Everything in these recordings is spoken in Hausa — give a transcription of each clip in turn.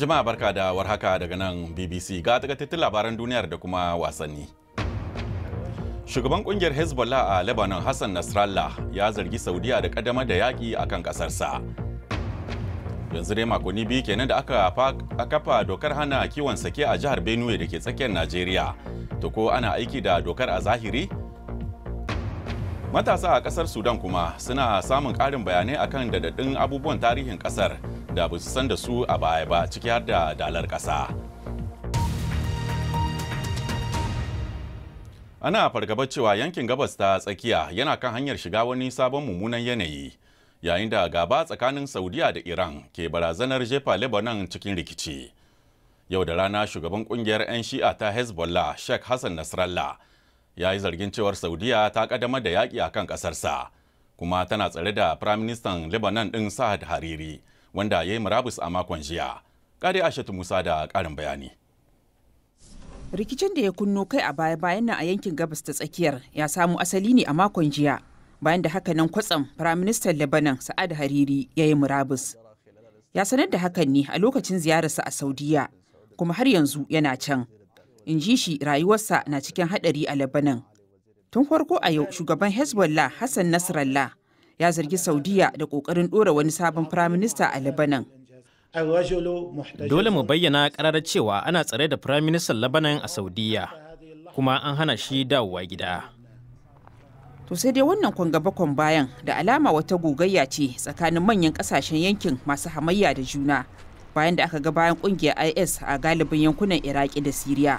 Jama'a barka da warhaka daga nan BBC ga takaitattun labaran duniyar da kuma wasanni. Shugaban kungiyar Hezbollah a Lebanon Hassan Nasrallah ya zargi Saudiya da kadama da yaƙi akan kan ƙasarsa. Yanzu dai makonni biyu kenan da aka kafa dokar hana kiwon sake a jihar Benue da ke tsakiyar Najeriya. To ko ana aiki da dokar a zahiri? Matasa a ƙasar Sudan kuma suna samun ƙarin bayanai akan dadadin abubuwan tarihin ƙasar. da ba su san da su a baya ba ciki har da dalar ƙasa. Ana fargabar cewa yankin gabas ta tsakiya yana kan hanyar shiga wani sabon mummunan yanayi yayin da gaba tsakanin Saudiya da Iran ke barazanar jefa Lebanon cikin rikici. Yau da rana shugaban kungiyar 'yan shi'a ta Hezbollah Sheikh Hassan Nasrallah ya yi zargin cewar Saudiya ta ƙaddamar da yaƙi a kan ƙasarsa kuma tana tsare da Firaministan Lebanon ɗin Sa'ad Hariri. wanda ya yi murabus a makon jiya kare ashatu musa da karin bayani rikicin da ya kunno kai a baya bayan nan a yankin gabas ta tsakiyar ya samu asali ne a makon jiya bayan da haka nan kwatsam firaministan lebanon sa'ad hariri ya yi murabus ya sanar da hakan ne a lokacin ziyararsa a saudiya kuma har yanzu yana can in ji shi rayuwarsa na cikin haɗari a lebanon tun farko a yau shugaban hezbollah hassan nasrallah ya zargi Saudiya da kokarin ɗora wani sabon firaminista a Lebanon. Dole mu bayyana kararar cewa ana tsare da firaministan Lebanon a Saudiya, kuma an hana shi dawowa gida. To sai dai wannan kwanga kwan bayan da alama wata gogayya ce tsakanin manyan kasashen yankin masu hamayya da juna bayan da aka ga bayan ƙungiyar IS a galibin yankunan Iraki da Siriya.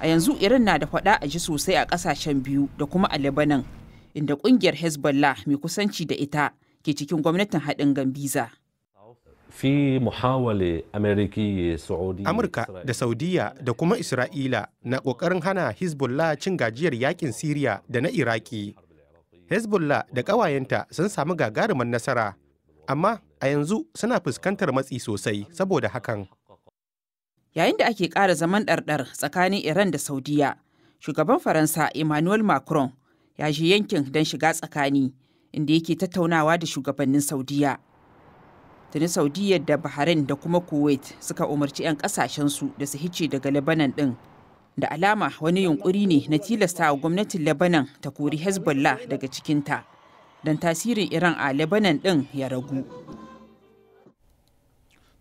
a yanzu irin na da faɗa a ji sosai a ƙasashen biyu da kuma a lebanon inda kungiyar Hezbollah mai kusanci da ita ke cikin gwamnatin haɗin Gambiza. Amurka da Saudiya da kuma Isra'ila na ƙoƙarin hana Hezbollah cin gajiyar yakin Siriya da na Iraki. Hezbollah da ƙawayenta sun samu gagarumar nasara, amma a yanzu suna fuskantar matsi sosai saboda hakan. Yayin da ake ƙara zaman ɗarɗar tsakanin Iran da Saudiya, shugaban Faransa Emmanuel Macron ya je yankin don shiga tsakani inda yake tattaunawa da shugabannin saudiya tuni saudiya da bahrain da kuma kuwait suka umarci 'yan kasashensu da su hice daga lebanon din da alama wani yunkuri ne na tilasta wa gwamnatin lebanon ta kori hezbollah daga cikinta don tasirin iran a lebanon din ya ragu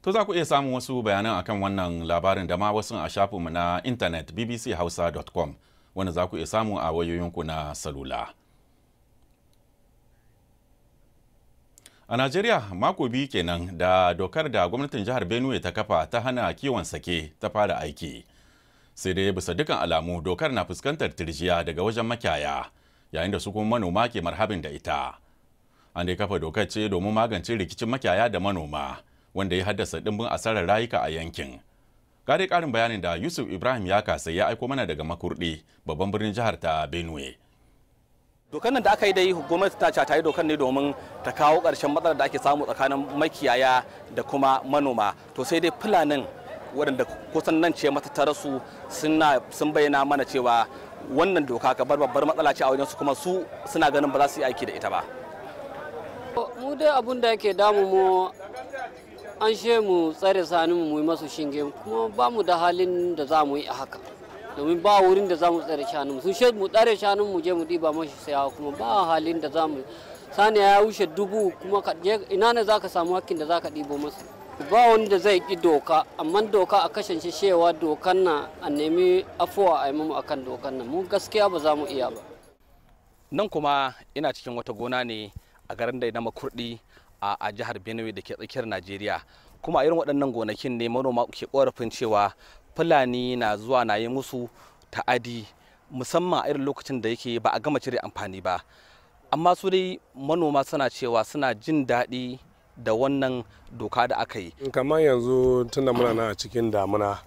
To za ku iya samun wasu bayanan akan wannan labarin da ma wasu a shafinmu na intanet bbchausa.com. wanda za ku iya samu a wayoyinku na salula. A Najeriya mako biyu kenan da dokar da gwamnatin jihar Benue ta kafa ta hana kiwon sake ta fara aiki. Sai dai bisa dukan alamu dokar na fuskantar tirjiya daga wajen makiyaya yayin da su kuma manoma ke marhabin da ita. An dai kafa dokar ce domin magance rikicin makiyaya da manoma wanda ya haddasa dimbin asarar rayuka a yankin. Gare karin bayanin da Yusuf Ibrahim ya kasa ya aiko mana daga makurdi babban birnin jihar ta Benue. dokan nan da aka yi dai gwamnati ta yi dokan ne domin ta kawo karshen matsalar da ake samu tsakanin makiyaya da kuma manoma to sai dai fulanin waɗanda kusan nan ce su sun bayyana mana cewa wannan doka kamar babbar matsala ce a wajen su kuma su suna ganin ba za su yi aiki da ita ba mu dai abun da yake damu mu an she mu tsare sani mu yi masu shinge kuma ba mu da halin da za mu yi a haka domin ba wurin da za mu tsare shanun sun she mu tsare shanun mu je mu diba mashi saya kuma ba halin da za mu sani ya wuce dubu kuma ina ne za ka samu hakkin da za ka dibo masu ba wanda zai ki doka amma doka a kashin shi shewa dokan na a nemi afuwa a yi mu akan dokan nan mu gaskiya ba za mu iya ba nan kuma ina cikin wata gona ne a garin da na makurdi a jihar benue da ke tsakiyar najeriya kuma a irin waɗannan gonakin ne manoma ke korafin cewa fulani na zuwa na yi musu ta'adi musamman a irin lokacin da yake ba a gama cire amfani ba amma su dai manoma suna cewa suna jin daɗi da wannan doka da aka yi kamar yanzu tunda muna nan a cikin damuna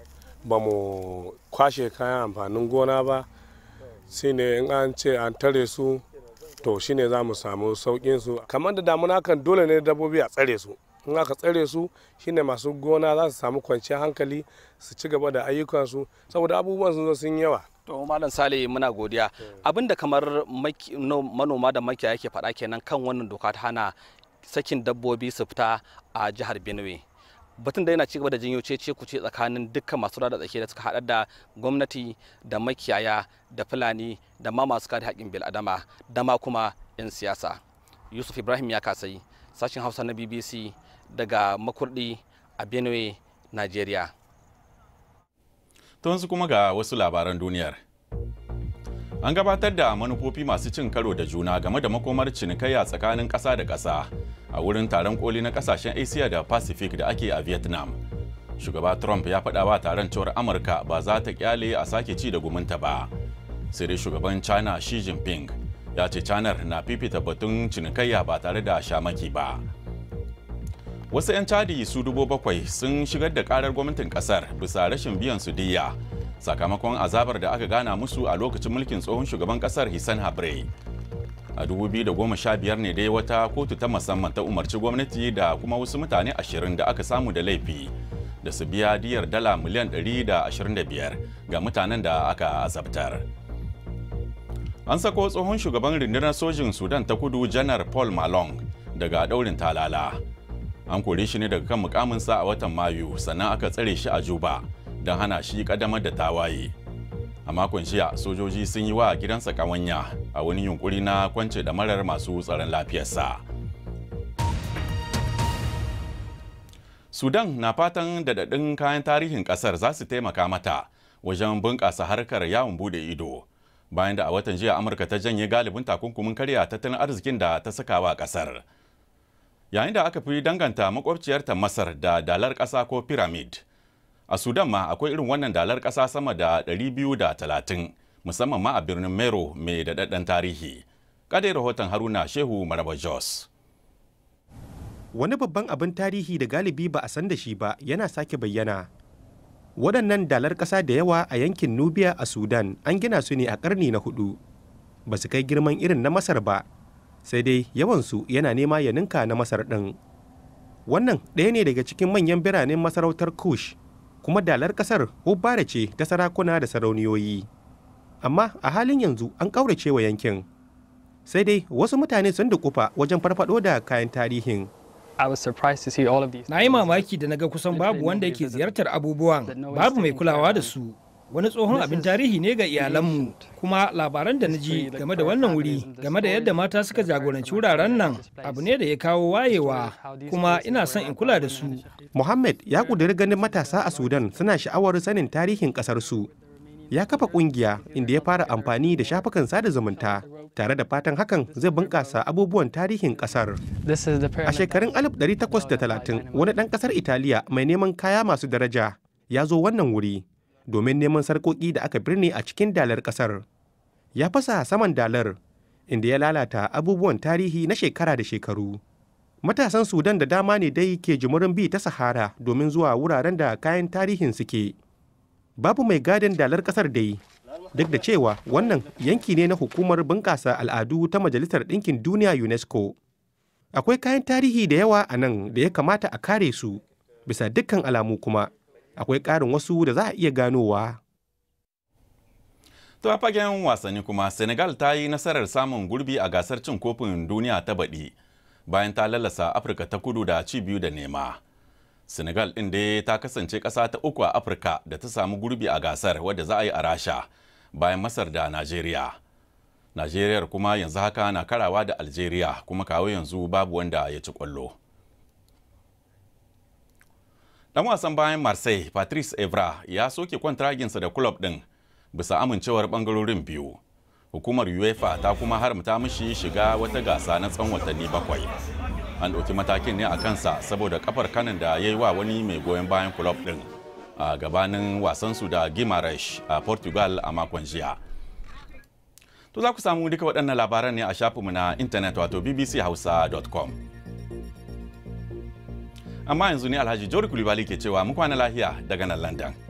ba mu kwashe kayan amfanin gona ba sai ne in an ce an tare su to shine za mu samu saukin su kamar da damuna kan dole ne dabbobi a tsare su in aka tsare su shine masu gona za su samu kwanciyar hankali su ci gaba da ayyukansu saboda abubuwan sun zo sun yawa to malam sale muna godiya abinda kamar manoma da makiyaya ke faɗa kenan kan wannan doka ta hana sakin dabbobi su fita a jihar benue batun da yana ci gaba da janyo ce kuce tsakanin dukkan masu rada tsake da suka haɗa da gwamnati da makiyaya da fulani da ma masu kare haƙƙin bil'adama da ma kuma 'yan siyasa yusuf ibrahim ya kasai sashen hausa na bbc daga makurdi a benue nigeria ta kuma ga wasu labaran duniyar an gabatar da manufofi masu cin karo da juna game da makomar cinikayya tsakanin ƙasa da ƙasa a wurin taron koli na kasashen asia da pacific da ake a vietnam shugaba trump ya faɗa wa taron cewar amurka ba za ta kyale a sake ci da gumunta ba sai dai shugaban china xi jinping ya ce canar na fifita batun cinikayya ba tare da shamaki ba wasu 'yan cadi su dubu bakwai sun shigar da karar gwamnatin kasar bisa rashin biyan su diya sakamakon azabar da aka gana musu a lokacin mulkin tsohon shugaban kasar hisan Habre. a 2015 ne dai wata kotu ta musamman ta umarci gwamnati da kuma wasu mutane 20 da aka samu da laifi da su biya diyar dala miliyan 125 ga mutanen da aka azabtar. An sako tsohon shugaban rundunar sojin Sudan ta kudu janar Paul Malong daga daurin talala. An kore shi ne daga kan mukaminsa a watan Mayu sannan aka tsare shi a Juba don hana shi kadamar da tawaye. a makon shiya sojoji sun yi wa gidansa kawanya a wani yunkuri na kwance da marar masu tsaron lafiyarsa sudan na fatan daɗaɗɗun kayan tarihin ƙasar za su taimaka mata wajen bunƙasa harkar yawon bude ido bayan da a watan jiya amurka ta janye galibin takunkumin karya tattalin arzikin da ta saka wa ƙasar yayin da aka fi danganta makwabciyarta masar da dalar ƙasa ko pyramid a sudan ma akwai irin wannan dalar ƙasa sama da 230 musamman ma a birnin mero mai daɗaɗɗen tarihi kadai rahoton haruna shehu maraba jos wani babban abin tarihi da galibi ba a san da shi ba yana sake bayyana waɗannan dalar ƙasa da yawa a yankin nubiya a sudan an gina su ne a ƙarni na hudu ba su kai girman irin na masar ba sai dai yawansu yana nema ya ninka na masar ɗin wannan ɗaya ne daga cikin manyan biranen masarautar kush kuma dalar kasar hubbara ce ta sarakuna da sarauniyoyi amma a halin yanzu an ƙaurace wa yankin sai dai wasu mutane sun dukufa wajen farfado da kayan tarihin na yi mamaki da naga kusan babu wanda yake ziyartar abubuwan babu mai kulawa da su wani tsohon abin tarihi ne ga iyalanmu kuma labaran da na ji game da wannan wuri game da yadda mata suka jagoranci wuraren nan abu ne da ya kawo wayewa kuma ina son in kula da su muhammad ya kudiri ganin matasa a sudan suna sha'awar sanin tarihin kasar su ya kafa kungiya inda ya fara amfani da shafukan sada zumunta tare da fatan hakan zai bunƙasa abubuwan tarihin kasar. A shekarun 1830 wani ɗan ƙasar Italiya mai neman kaya masu daraja ya zo wannan wuri domin neman sarƙoƙi da aka birne a cikin dalar ƙasar ya fasa saman dalar inda ya lalata abubuwan tarihi na shekara da shekaru matasan sudan da dama ne dai ke jimurin bi ta sahara domin zuwa wuraren da kayan tarihin suke babu mai gadin dalar ƙasar dai duk da cewa wannan yanki ne na hukumar bunƙasa al'adu ta majalisar ɗinkin duniya unesco akwai kayan tarihi da yawa a nan da ya kamata a kare su bisa dukkan alamu kuma akwai ƙarin wasu da za a iya ganowa. To a fagen wasanni kuma Senegal ta yi nasarar samun gurbi a gasar cin kofin duniya ta baɗi bayan ta lalasa Afirka ta kudu da ci biyu da nema. Senegal ɗin dai ta kasance ƙasa ta uku a Afirka da ta samu gurbi a gasar wadda za a yi a Rasha bayan Masar da Najeriya. Najeriya kuma yanzu haka na karawa da Algeria kuma kawo yanzu babu wanda ya ci ƙwallo. Dan wasan bayan Marseille, Patrice Evra, ya soke kwantraginsa da kulob ɗin bisa amincewar bangarorin biyu. Hukumar UEFA ta kuma haramta mishi shiga wata gasa na tsawon watanni bakwai. An ɗauki matakin ne a kansa saboda kafar kanin da ya yi wa wani mai goyon bayan kulob ɗin a gabanin wasansu da Guimarães a Portugal a makon jiya. To za ku samu duka waɗannan labaran ne a shafin mu na intanet wato bbchausa.com. amma yanzu ne alhaji jori kulibali ke cewa mu kwana lahiya daga nan london